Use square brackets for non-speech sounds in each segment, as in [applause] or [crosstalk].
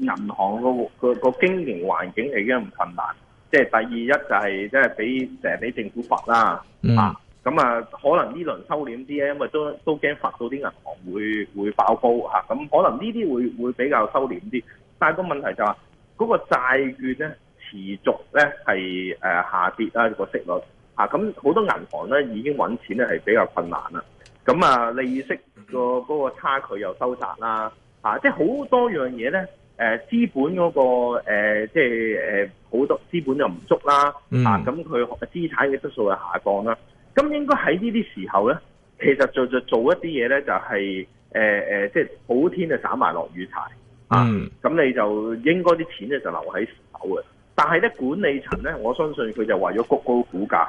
銀行個個個經營環境係已經唔困難，即係第二一就係即係俾成日俾政府罰啦，嚇、mm. 咁啊，可能呢輪收斂啲咧，因為都都驚罰到啲銀行會會爆煲嚇，咁、啊、可能呢啲會會比較收斂啲，但係個問題就係、係、嗰、嗰個債券咧持續咧係誒下跌啦、個息率嚇，咁、啊、好多銀行咧已經揾錢咧係比較困難啦，咁啊利息、個嗰、個差距又收窄啦嚇、啊，即係好多樣嘢咧。誒、呃，資本嗰、那個誒、呃，即係誒，好多資本又唔足啦，啊，咁佢資產嘅質素又下降啦，咁應該喺呢啲時候咧，其實在做一啲嘢咧，就係誒誒，即係好天就散斬埋落雨柴，啊，咁、嗯、你就應該啲錢咧就留喺手嘅，但係咧管理層咧，我相信佢就為咗谷高股價，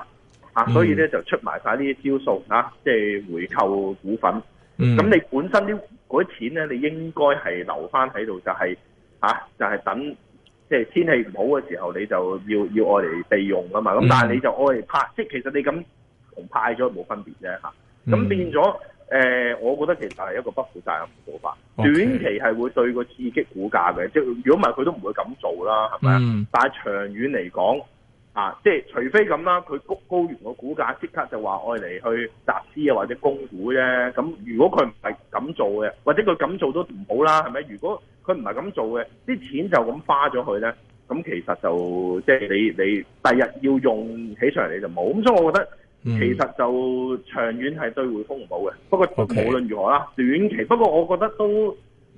啊，所以咧就出埋晒呢啲招數，啦、嗯，即係回購股份，咁、嗯、你本身啲嗰啲錢咧，你應該係留翻喺度，就係、是。吓、啊，就係、是、等即係、就是、天氣唔好嘅時候，你就要要用嚟備用噶嘛。咁、嗯、但係你就用嚟派，即係其實你咁同派咗冇分別啫吓。咁、嗯、變咗誒、呃，我覺得其實係一個不負責任嘅做法。Okay. 短期係會對個刺激股價嘅，即係如果唔係佢都唔會咁做啦，係咪啊？但係長遠嚟講。啊，即係除非咁啦，佢谷高完個股價即刻就話愛嚟，去集資啊或者供股啫。咁如果佢唔係咁做嘅，或者佢咁做都唔好啦，係咪？如果佢唔係咁做嘅，啲錢就咁花咗佢咧。咁其實就即係你你第日要用起上嚟，你就冇。咁所以我覺得其實就長遠係對匯豐唔好嘅。不過無論如何啦，okay. 短期不過我覺得都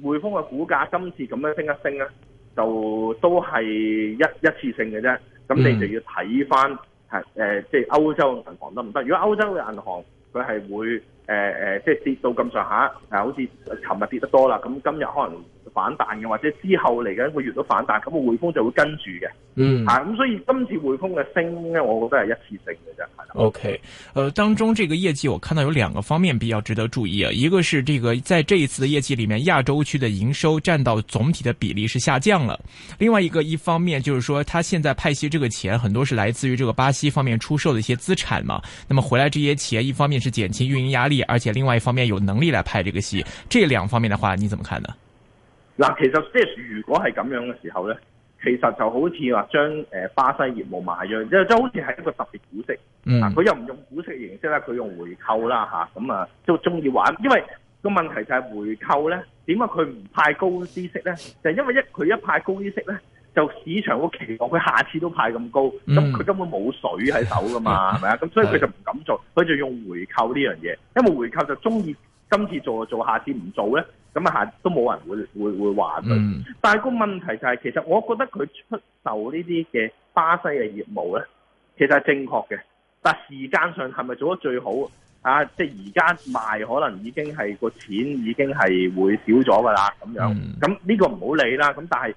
匯豐嘅股價今次咁樣升一升咧，就都係一一次性嘅啫。咁你就要睇翻，係、嗯、即係歐洲嘅銀行得唔得？如果歐洲嘅銀行佢係會呃呃、即係跌到咁上下，好似尋日跌得多啦，咁今日可能反彈嘅，或者之後嚟緊一個月都反彈，咁個匯豐就會跟住嘅。嗯，嚇、啊、咁所以今次匯豐嘅升咧，我覺得係一次性嘅啫。O K，誒，當中這個業績我看到有兩個方面比較值得注意啊，一個是這個在這一次嘅業績裡面，亞洲區的營收佔到總體的比例是下降了。另外一個一方面就是說，他現在派息呢個錢很多是來自於這個巴西方面出售的一些資產嘛。那麼回來這些錢，一方面是減輕運營壓力，而且另外一方面有能力來派這個息。這兩方面嘅話，你怎麼看呢？嗱，其實即係如果係咁樣嘅時候咧，其實就好似話將誒、呃、巴西業務賣咗，即係即係好似係一個特別股息。嗯。佢又唔用股息形式啦，佢用回購啦吓，咁啊，都中意玩，因為個問題就係回購咧，點解佢唔派高啲息咧？就係、因為一佢一派高啲息咧，就市場個期望佢下次都派咁高，咁、嗯、佢根本冇水喺手噶嘛，係咪啊？咁所以佢就唔敢做，佢就用回購呢樣嘢，因為回購就中意。今次做就做，下次唔做呢，咁啊下都冇人會會會話佢。但係個問題就係、是，其實我覺得佢出售呢啲嘅巴西嘅業務呢，其實係正確嘅。但係時間上係咪做得最好啊？即係而家賣可能已經係個錢已經係會少咗噶啦，咁樣。咁、嗯、呢、呢個唔好理啦。咁但係誒、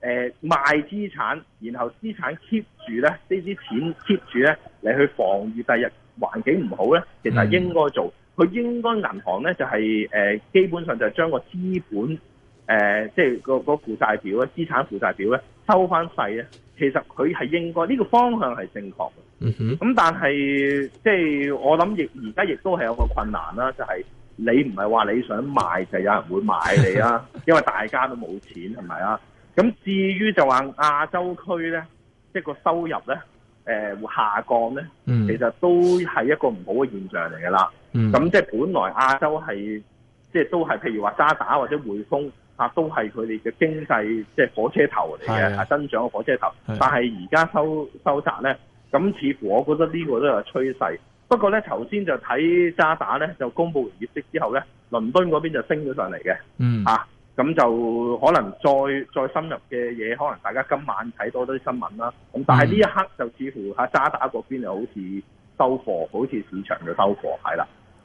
呃、賣資產，然後資產 keep 住呢，呢啲錢 keep 住呢，你去防禦第日環境唔好呢，其實應該做。佢應該銀行咧就係誒基本上就係將個資本誒即係個個負債表咧、資產負債表咧收翻細咧，其實佢係應該呢、這個方向係正確嘅。嗯哼。咁但係即係我諗亦而家亦都係有個困難啦，就係、是、你唔係話你想賣就有人會買你啦， [laughs] 因為大家都冇錢係咪啊？咁至於就話亞洲區咧，即係個收入咧誒會下降咧，其實都係一個唔好嘅現象嚟噶啦。咁、嗯、即係本來亞洲係，即係都係譬如話渣打或者匯豐啊，都係佢哋嘅經濟即係火車頭嚟嘅，增長嘅火車頭。但係而家收收窄咧，咁似乎我覺得呢個都有趨勢。不過咧，頭先就睇渣打咧就公布完業績之後咧，倫敦嗰邊就升咗上嚟嘅。嗯，吓、啊、咁就可能再再深入嘅嘢，可能大家今晚睇多啲新聞啦。咁但係呢一刻就似乎吓渣打嗰邊就好似收貨、嗯，好似市場就收貨係啦。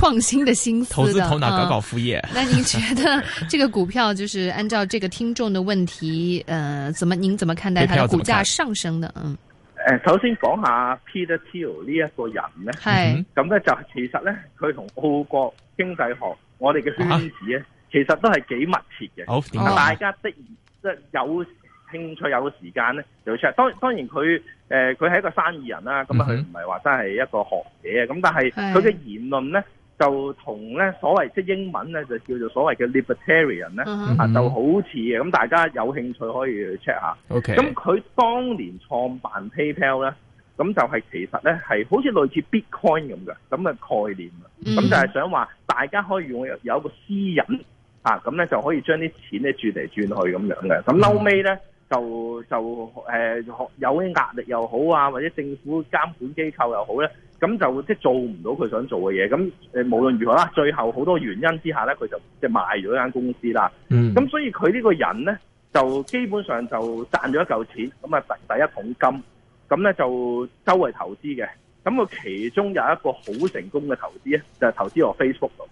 創新的心思的，投資頭腦搞搞副業。哦、那您覺得這個股票就是按照這個聽眾的問題， [laughs] 呃，怎麼您怎麼看待它股價上升的？嗯、呃，首先講下 Peter Thiel 呢一個人呢咧，咁、嗯、咧就其實呢佢同奧國經濟學、啊、我哋嘅圈子咧，其實都係幾密切嘅。啊、大家的即係、哦、有興趣有時間呢就出。當當然佢誒佢係一個生意人啦，咁啊佢唔係話真係一個學者咁，但係佢嘅言論呢、嗯就同咧所謂即英文咧就叫做所謂嘅 libertarian 咧、uh -huh. 就好似嘅，咁大家有興趣可以去 check 下。OK，咁佢當年創辦 PayPal 咧，咁就係其實咧係好似類似 Bitcoin 咁嘅咁嘅概念咁、uh -huh. 就係想話大家可以用有一個私隱啊，咁咧就可以將啲錢咧轉嚟轉去咁樣嘅。咁後尾咧就就誒學有啲壓力又好啊，或者政府監管機構又好咧。咁就即係做唔到佢想做嘅嘢，咁誒無論如何啦，最後好多原因之下咧，佢就即係賣咗間公司啦。咁、嗯、所以佢呢個人咧，就基本上就賺咗一嚿錢，咁啊第第一桶金，咁咧就周圍投資嘅，咁佢其中有一個好成功嘅投資咧，就係、是、投資落 Facebook 度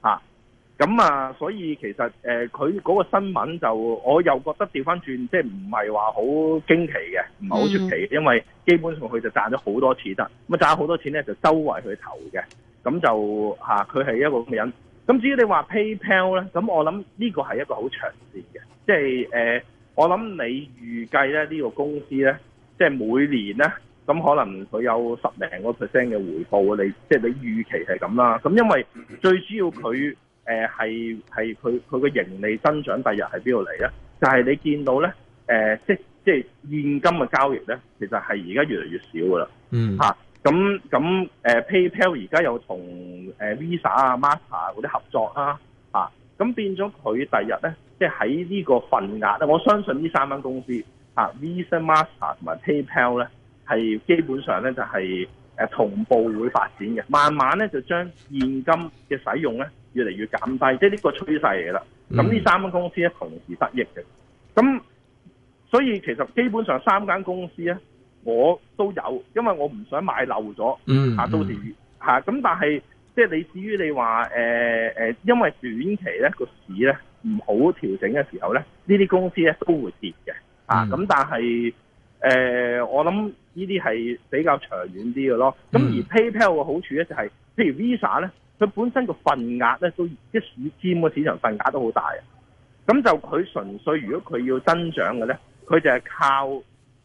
啊。咁啊，所以其實誒，佢、呃、嗰個新聞就我又覺得調翻轉，即係唔係話好驚奇嘅，唔係好出奇嘅，因為基本上佢就賺咗好多錢得，咁啊賺好多錢咧就周圍去投嘅，咁就吓，佢、啊、係一個咁嘅人。咁至於你話 PayPal 咧，咁我諗呢個係一個好長線嘅，即係誒，我諗你預計咧呢、呢個公司咧，即、就、係、是、每年咧，咁可能佢有十零個 percent 嘅回報，你即係、就是、你預期係咁啦。咁因為最主要佢。誒係係佢佢個盈利增長第日喺邊度嚟咧？就係、是、你見到咧，誒、呃、即即現金嘅交易咧，其實係而家越嚟越少㗎喇。嗯，嚇咁咁誒 PayPal 而家又同誒、呃、Visa 啊、Master 嗰、啊、啲合作啦、啊，嚇、啊、咁變咗佢第日咧，即喺呢個份額咧，我相信呢三間公司嚇、啊、Visa Master、啊啊、Master 同埋 PayPal 咧，係基本上咧就係誒同步會發展嘅，慢慢咧就將現金嘅使用咧，越嚟越減低，即係呢個趨勢嚟啦。咁呢三間公司咧同時得益嘅，咁所以其實基本上三間公司咧，我都有，因為我唔想買漏咗。嗯，嗯。嚇、啊，到時嚇咁、啊，但係即係你至於你話誒誒，因為短期咧個市咧唔好調整嘅時候咧，呢啲公司咧都會跌嘅、啊。嗯、啊。咁但係誒、呃，我諗呢啲係比較長遠啲嘅咯。咁而 PayPal 嘅好處咧就係、是，譬如 Visa 咧。佢本身個份額咧都即係市佔個市場份額都好大嘅，咁就佢純粹如果佢要增長嘅咧，佢就係靠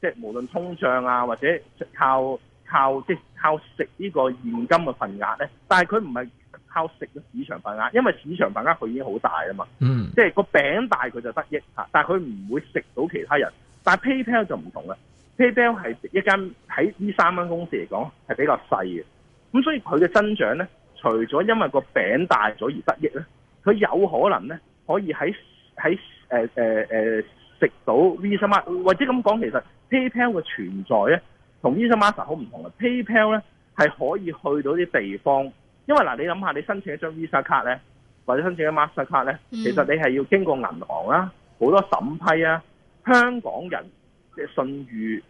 即係無論通脹啊，或者靠靠即係靠食呢個現金嘅份額咧。但係佢唔係靠食個市場份額，因為市場份額佢已經好大啊嘛。嗯、mm.，即係個餅大佢就得益嚇，但係佢唔會食到其他人。但係 PayPal 就唔同啦，PayPal 係一間喺呢三間公司嚟講係比較細嘅，咁所以佢嘅增長咧。除咗因為個餅大咗而得益咧，佢有可能咧可以喺喺誒誒誒食到 Visa Master，或者咁講，其實 PayPal 嘅存在咧同 Visa Master 好唔同嘅。Mm. PayPal 咧係可以去到啲地方，因為嗱、呃、你諗下，你申請一張 Visa 卡咧，或者申請一張 Master 卡咧，其實你係要經過銀行啦、啊，好多審批啊，香港人嘅信譽。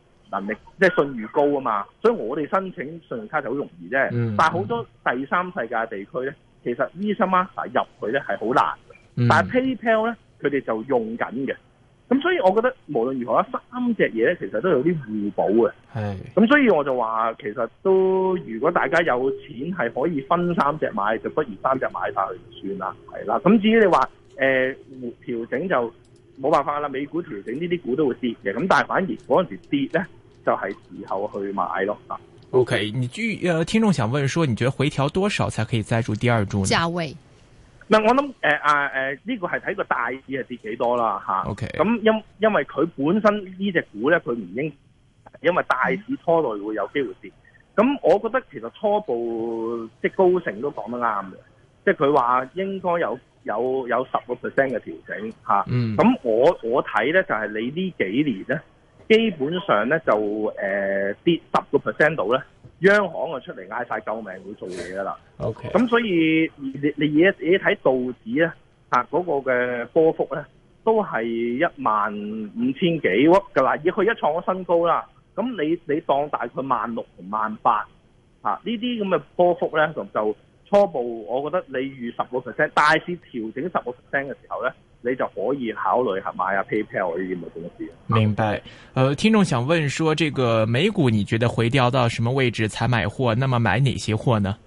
即係信譽高啊嘛，所以我哋申請信用卡就好容易啫、嗯。但係好多第三世界地區咧，其實 Visa 啊入去咧係好難、嗯。但係 PayPal 咧佢哋就用緊嘅。咁所以我覺得無論如何，三隻嘢咧其實都有啲互補嘅。咁所以我就話其實都如果大家有錢係可以分三隻買，就不如三隻買返去算啦。係啦，咁至於你話誒、呃、調整就冇辦法啦。美股調整呢啲股都會跌嘅，咁但係反而嗰陣時跌咧。就係、是、時候去買咯。OK，你據誒聽眾想問說，你覺得回調多少才可以再住第二注價位？嗱、嗯，我諗誒啊誒，呢、呃呃呃這個係睇個大市係跌幾多啦吓、啊。OK，咁、嗯、因因為佢本身呢隻股咧，佢唔應因為大市拖累會有機會跌。咁、嗯嗯嗯、我覺得其實初步即係高盛都講得啱嘅，即係佢話應該有有有十個 percent 嘅調整吓、啊。嗯，咁、嗯嗯、我我睇咧就係、是、你呢幾年咧。基本上咧就誒、呃、跌十個 percent 度咧，央行啊出嚟嗌晒救命會，會做嘢噶啦。O K. 咁所以你你而家睇道指咧、吓、啊、嗰、個嘅波幅咧都係一萬五千幾㗎啦，而佢一創咗新高啦。咁你你當大概萬六同萬八，吓呢啲咁嘅波幅咧就就初步，我覺得你預十個 percent，大市調整十個 percent 嘅時候咧。你就可以考慮係買下、啊啊、PayPal 呢啲嘅東西。明白，誒、呃，聽眾想問說，這個美股你覺得回調到什麼位置才買貨？那麼買哪些貨呢？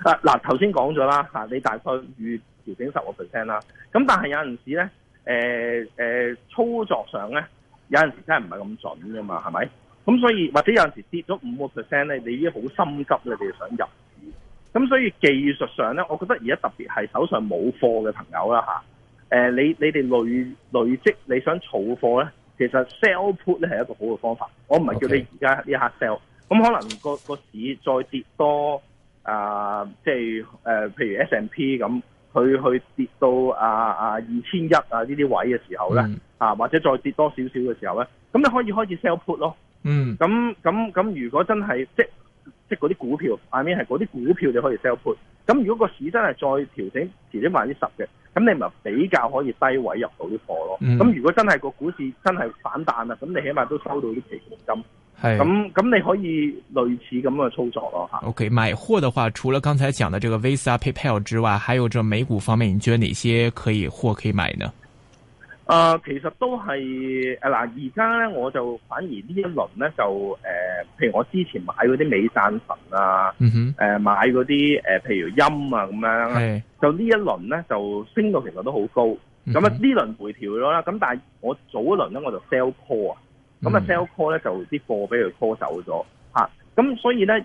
嗱、啊，頭先講咗啦，吓、啊，你大概預調整十個 percent 啦。咁但係有陣時咧，誒、呃、誒、呃，操作上咧，有陣時真係唔係咁準噶嘛，係咪？咁所以或者有陣時跌咗五個 percent 咧，你已經好心急咧，你就想入市。咁所以技術上咧，我覺得而家特別係手上冇貨嘅朋友啦，吓、啊。誒、呃，你你哋累累積你想儲貨咧，其實 sell put 咧係一個好嘅方法。我唔係叫你而家呢一刻 sell，咁、okay. 可能個個市再跌多啊、呃，即係誒、呃，譬如 S&P 咁，佢去,去跌到啊啊、呃、二千一啊呢啲位嘅時候咧，mm. 啊或者再跌多少少嘅時候咧，咁你可以開始 sell put 咯。嗯、mm.。咁咁咁，如果真係即即嗰啲股票，I mean 係嗰啲股票你可以 sell put。咁如果個市真係再調整調整百分之十嘅。咁你咪比較可以低位入到啲貨咯。咁、嗯、如果真係個股市真係反彈啦，咁你起碼都收到啲期金。係，咁咁你可以類似咁嘅操作咯吓。OK，買貨嘅話，除了剛才講嘅這個 Visa、PayPal 之外，還有這美股方面，你覺得哪些可以貨可以買呢？啊、呃，其實都係，嗱、啊，而家咧我就反而呢一輪咧就，誒、呃，譬如我之前買嗰啲美贊臣啊，誒、mm -hmm. 呃，買嗰啲誒，譬如陰啊咁樣，mm -hmm. 就呢一輪咧就升到其實都好高，咁啊呢輪回調咗啦，咁但係我早一輪咧我就 sell call 啊，咁、mm -hmm. 啊 sell call 咧就啲貨俾佢 call 走咗，嚇，咁所以咧，誒誒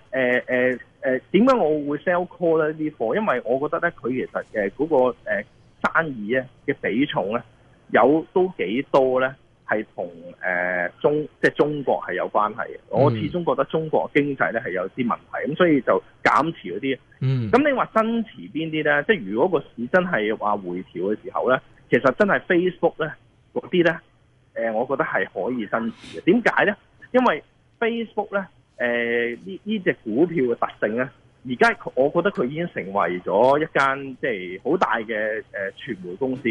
誒，點、呃、解我會 sell call 咧呢啲貨？因為我覺得咧佢其實誒嗰、呃那個、呃、生意咧嘅比重咧。有都幾多呢？係同誒中即係中國係有關係嘅、嗯。我始終覺得中國經濟呢係有啲問題，咁所以就減持嗰啲。嗯，咁你話增持邊啲呢？即係如果個市真係話回調嘅時候呢，其實真係 Facebook 呢呢嗰啲呢。誒，我覺得係可以增持嘅。點解呢？因為 Facebook 呢，誒呢呢隻股票嘅特性呢，而家我覺得佢已經成為咗一間即係好大嘅誒、呃、傳媒公司。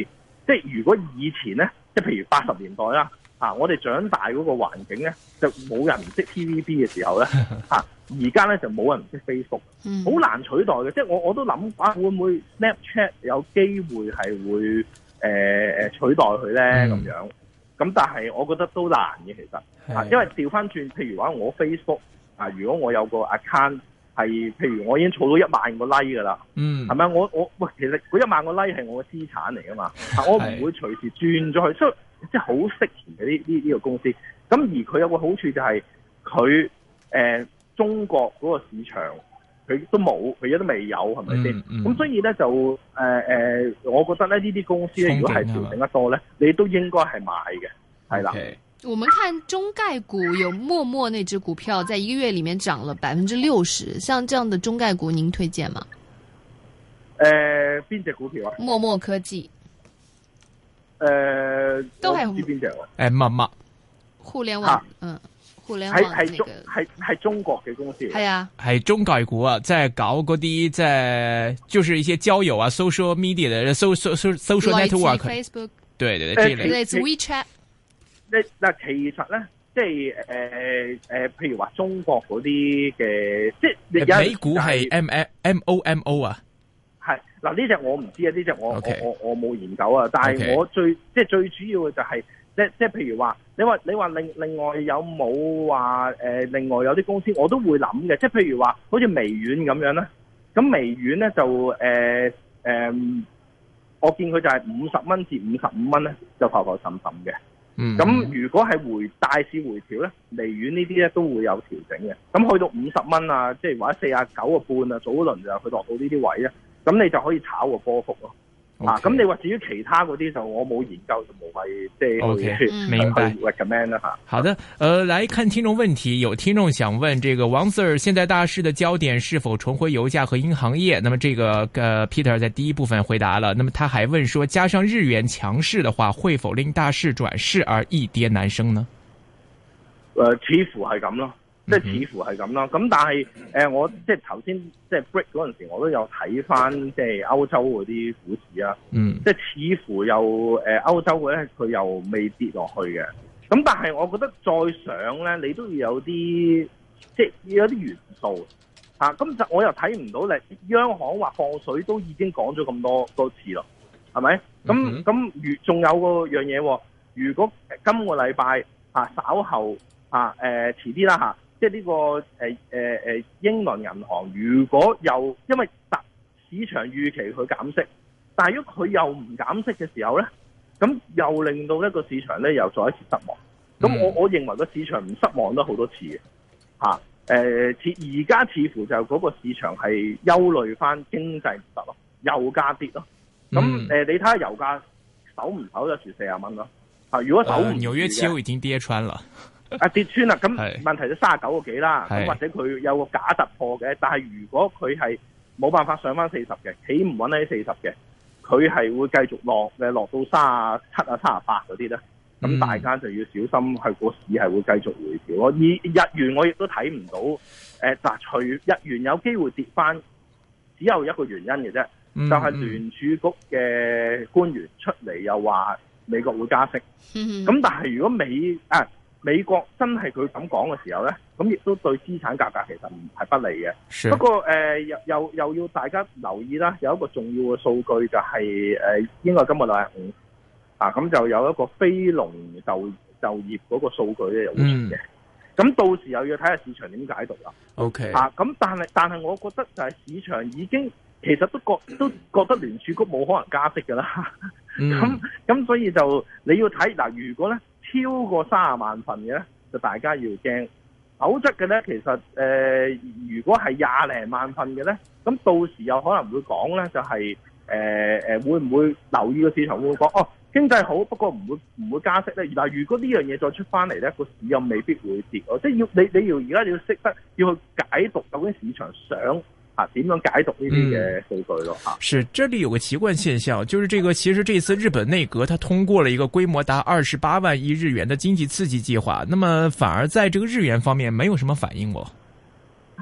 即係如果以前呢，即係譬如八十年代啦，嚇，我哋長大嗰個環境呢，就冇人唔識 T V B 嘅時候呢，嚇，而家呢，就冇人唔識 Facebook，好難取代嘅。即係我我都諗返，會唔會 Snapchat 有機會係會誒、呃、取代佢呢？咁、嗯、樣。咁但係我覺得都難嘅其實，因為調翻轉，譬如話我 Facebook 啊，如果我有個 account。係，譬如我已經儲到一萬個 like 噶啦，嗯、係咪？我我喂，其實嗰一萬個 like 係我嘅資產嚟噶嘛，但我唔會隨時轉咗去，所以即係好適宜嘅呢呢呢個公司。咁而佢有個好處就係、是，佢誒、呃、中國嗰個市場佢都冇，佢而家都未有，係咪先？咁、嗯嗯、所以咧就誒誒、呃，我覺得咧呢啲公司咧，如果係調整得多咧，你都應該係買嘅，係啦。Okay. 我們看中概股有陌陌那隻股票在一個月裏面漲了百分之六十，像這樣的中概股您推薦嗎？呃邊隻股票啊？陌陌科技。呃都係唔知邊隻啊？誒，陌陌，互聯網，嗯，互聯網、那個、係，係中係係中國嘅公司，係啊，係中概股啊，即係搞嗰啲即係就是一些交友啊，social media 的，social social social network，Facebook，對對，這類，誒、okay. WeChat。即嗱，其實咧，即係誒誒，譬如話中國嗰啲嘅，即你有、就是、美股係 M M M O M O 啊，係嗱呢隻我唔知啊，呢、這、隻、個、我、okay. 我我我冇研究啊，但係我最、okay. 即係最主要嘅就係、是、即即譬如話，你話你話另另外有冇話誒，另外有啲公司我都會諗嘅，即係譬如話好似微軟咁樣啦，咁微軟咧就誒誒、呃呃，我見佢就係五十蚊至五十五蚊咧，就浮浮沉沉嘅。咁、嗯、如果係回大市回調咧，離遠呢啲咧都會有調整嘅。咁去到五十蚊啊，即係或者四啊九個半啊，早輪就去落到呢啲位咧，咁你就可以炒個波幅咯。啊，咁你話至於其他嗰啲就我冇研究就冇係即係 OK 明白 recommend 啦吓。好的，呃來看聽眾問題，有聽眾想問，這個王 Sir，現在大市的焦點是否重回油價和銀行業？那麼這個，呃 Peter 在第一部分回答了，那麼他還問說，加上日元強勢的話，會否令大市轉勢而易跌難升呢？誒、呃，似乎係咁咯。即係 [noise] 似乎係咁啦，咁但係誒、呃，我即係頭先即係 break 嗰陣時，我都有睇翻即係歐洲嗰啲股市啊，即係似乎又誒、呃、歐洲咧，佢又未跌落去嘅。咁但係我覺得再上咧，你都要有啲即係要有啲元素嚇。咁、啊、就我又睇唔到你央行話放水都已經講咗咁多多次咯，係咪？咁咁，仲、 [noise] 呃、有個樣嘢、啊，如果今個禮拜啊，稍後、啊呃、遲啲啦即係呢個誒誒誒，英倫銀行如果又因為大市場預期佢減息，但係如果佢又唔減息嘅時候咧，咁又令到一個市場咧又再一次失望。咁我我認為個市場唔失望都好多次嘅嚇誒。而而家似乎就嗰個市場係憂慮翻經濟唔得咯，又加跌咯。咁、嗯、誒、呃，你睇下油價守唔守得住四十蚊咯？啊，如果守、守、呃、紐約期油已經跌穿了。 [laughs] 啊跌穿啦，咁問題都三十九個幾啦，咁或者佢有個假突破嘅，但係如果佢係冇辦法上翻四十嘅，企唔穩喺四十嘅，佢係會繼續落落到三啊七啊三啊八嗰啲咧，咁大家就要小心，係個市係會繼續回調。嗯、我以日元我亦都睇唔到，誒、呃、嗱，但除日元有機會跌翻，只有一個原因嘅啫、嗯，就係聯儲局嘅官員出嚟又話美國會加息，咁、嗯、但係如果美、啊美國真係佢咁講嘅時候呢，咁亦都對資產價格,格其實唔係不利嘅。不過誒、呃，又又要大家留意啦，有一個重要嘅數據就係、是、誒、呃，應該今日啦，啊，咁、嗯、就有一個非農就就業嗰個數據咧，有出嘅。咁到時又要睇下市場點解讀啦。OK 啊，咁但係但係，我覺得就係市場已經其實都覺得都覺得聯儲局冇可能加息㗎啦。咁、嗯、咁、 [laughs] 嗯嗯、所以就你要睇嗱、呃，如果呢。超過三十萬份嘅咧，就大家要驚；否則嘅咧，其實誒、呃，如果係廿零萬份嘅咧，咁到時又可能會講咧，就係誒誒，會唔會留意個市場會講哦？經濟好，不過唔會唔會加息咧？嗱，如果呢樣嘢再出翻嚟咧，個市又未必會跌，即係要你你現在要而家要識得要去解讀究竟市場想。啊，點樣解讀呢啲嘅數據咯？啊，是，這裏有個奇怪現象，就是這個其實這次日本內閣，它通過了一個規模達二十八萬億日元的經濟刺激計劃，那麼反而在這個日元方面沒有什麼反應咯。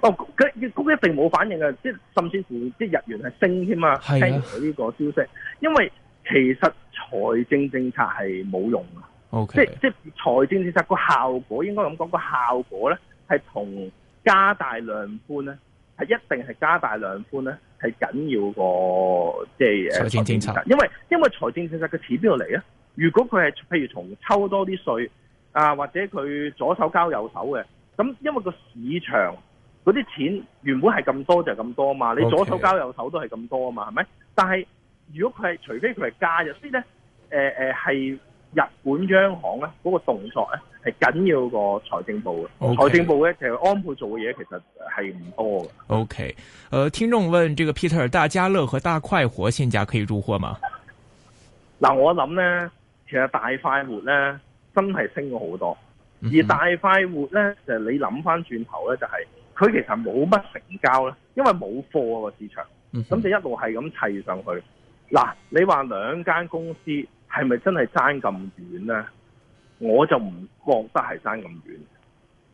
哦，佢佢一定冇反應啊！即係甚至乎，即係日元係升添啊，啊！聽到呢個消息，因為其實財政政策係冇用啊。Okay，即係即係財政政策個效果，應該咁講個效果咧，係同加大量寬啊。一定係加大量寬咧，係緊要個即係財政政策，因為因為財政政策嘅錢邊度嚟啊？如果佢係譬如從抽多啲稅啊，或者佢左手交右手嘅。咁因為嗰個市場嗰啲錢原本係咁多就係咁多嘛，你左手交右手都係咁多啊嘛，係、okay. 咪？但係如果佢係除非佢係加入，先咧，誒誒係日本央行咧嗰個動作咧。係緊要過財政部嘅，財、okay. 政部咧，其實安倍做嘅嘢其實係唔多嘅。OK，誒、呃，聽眾問：，這個 Peter 大家樂和大快活現價可以入貨嗎？嗱、呃，我諗咧，其實大快活咧真係升咗好多，而大快活咧、嗯、就你諗翻轉頭咧，就係佢其實冇乜成交咧，因為冇貨個市場，咁、嗯嗯、就一路係咁砌上去。嗱、呃，你話兩間公司係咪真係爭咁遠咧？我就唔覺得係爭咁遠，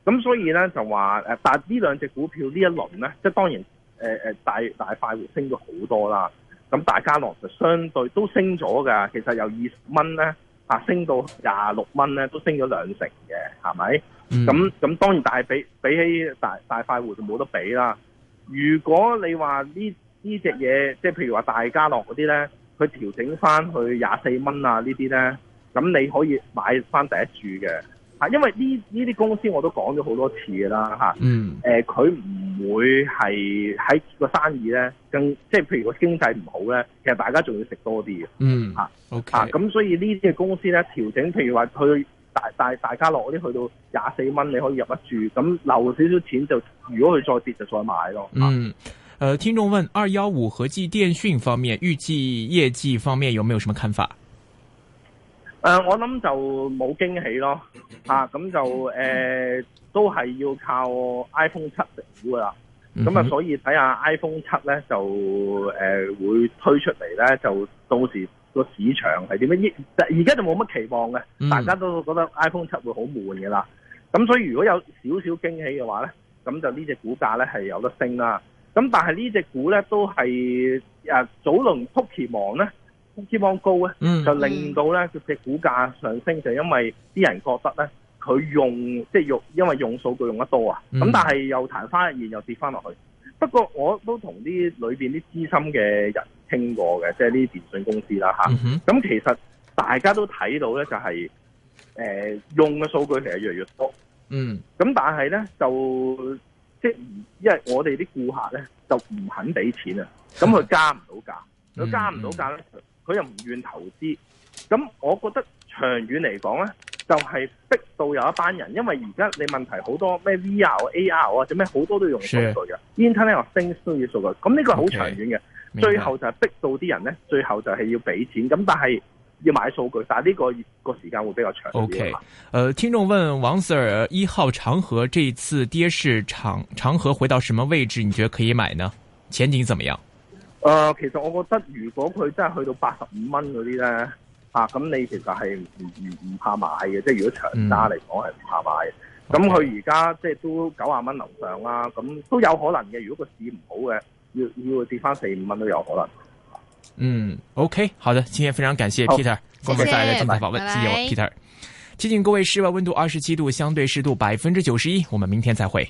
咁所以呢，就話誒、呃，但係呢兩隻股票呢一輪呢，即係當然誒誒、呃、大大快活升咗好多啦。咁大家樂就相對都升咗嘅，其實由二十蚊呢，啊升到廿六蚊呢，都升咗兩成嘅，係咪？咁、嗯、咁、嗯、當然，但係比比起大大快活就冇得比啦。如果你話呢呢隻嘢，即、這、係、個、譬如話大家樂嗰啲呢，佢調整翻去廿四蚊啊呢啲呢。咁你可以買翻第一注嘅因為呢呢啲公司我都講咗好多次嘅啦嗯。誒、呃，佢唔會係喺個生意咧，更即係譬如個經濟唔好咧，其實大家仲要食多啲嘅。嗯。O、okay、K。咁、啊嗯、所以呢啲嘅公司咧調整，譬如話去大大大家落啲去到廿四蚊，你可以入一注；咁留少少錢就，如果佢再跌就再買咯。嗯。誒、呃，聽眾問二幺五和記電訊方面預計業績方面有冇有什麼看法？誒、uh,，我諗就冇驚喜咯，吓、啊、咁就誒、呃、都係要靠 iPhone 七隻股噶啦，咁、mm、啊 -hmm. 所以睇下 iPhone 七咧就誒、呃、會推出嚟咧就到時個市場係點樣？而而家就冇乜期望嘅，大家都覺得 iPhone 七會好悶噶啦。咁所以如果有少少驚喜嘅話咧，咁就價呢隻股價咧係有得升啦。咁但係呢隻股咧都係誒、啊、早輪 Pokemon 咧。公司方高咧，就令到咧佢嘅股價上升，就因為啲人覺得咧，佢用即係用，因為用數據用得多啊。咁、mm -hmm. 但係又彈翻熱，又跌翻落去。不過我都同啲裏邊啲資深嘅人傾過嘅，即係啲電信公司啦吓，咁、mm -hmm. 其實大家都睇到咧、就是，就係誒用嘅數據其實越嚟越多。嗯。咁但係咧，就即係因為我哋啲顧客咧，就唔肯俾錢啊。咁佢加唔到價，佢加唔到價咧。佢又唔願投資，咁我覺得長遠嚟講咧，就係逼到有一班人，因為而家你問題好多，咩 VR、AR 啊，或者咩好多都要用數據嘅，Internet things 都要數據，咁呢個好長遠嘅，okay。最後就係逼到啲人咧，最後就係要俾錢，咁但係要買數據，但係呢個個時間會比較長。OK，呃，聽眾問王 Sir，一號長河這次跌市，長長河回到什麼位置？你覺得可以買呢？前景點樣？誒、呃，其實我覺得如果佢真係去到八十五蚊嗰啲咧，吓、啊、咁你其實係唔唔唔怕買嘅，即係如果長揸嚟講係唔怕買嘅。咁佢而家即係都九啊蚊樓上啦，咁都有可能嘅。如果個市唔好嘅，要要跌翻四五蚊都有可能。嗯，OK，好的，今天非常感謝 Peter，歡迎再嚟精彩訪問，謝謝，我拜拜謝，謝我 Peter。提醒各位室外溫度二十七度，相對濕度百分之九十一。我們明天再會。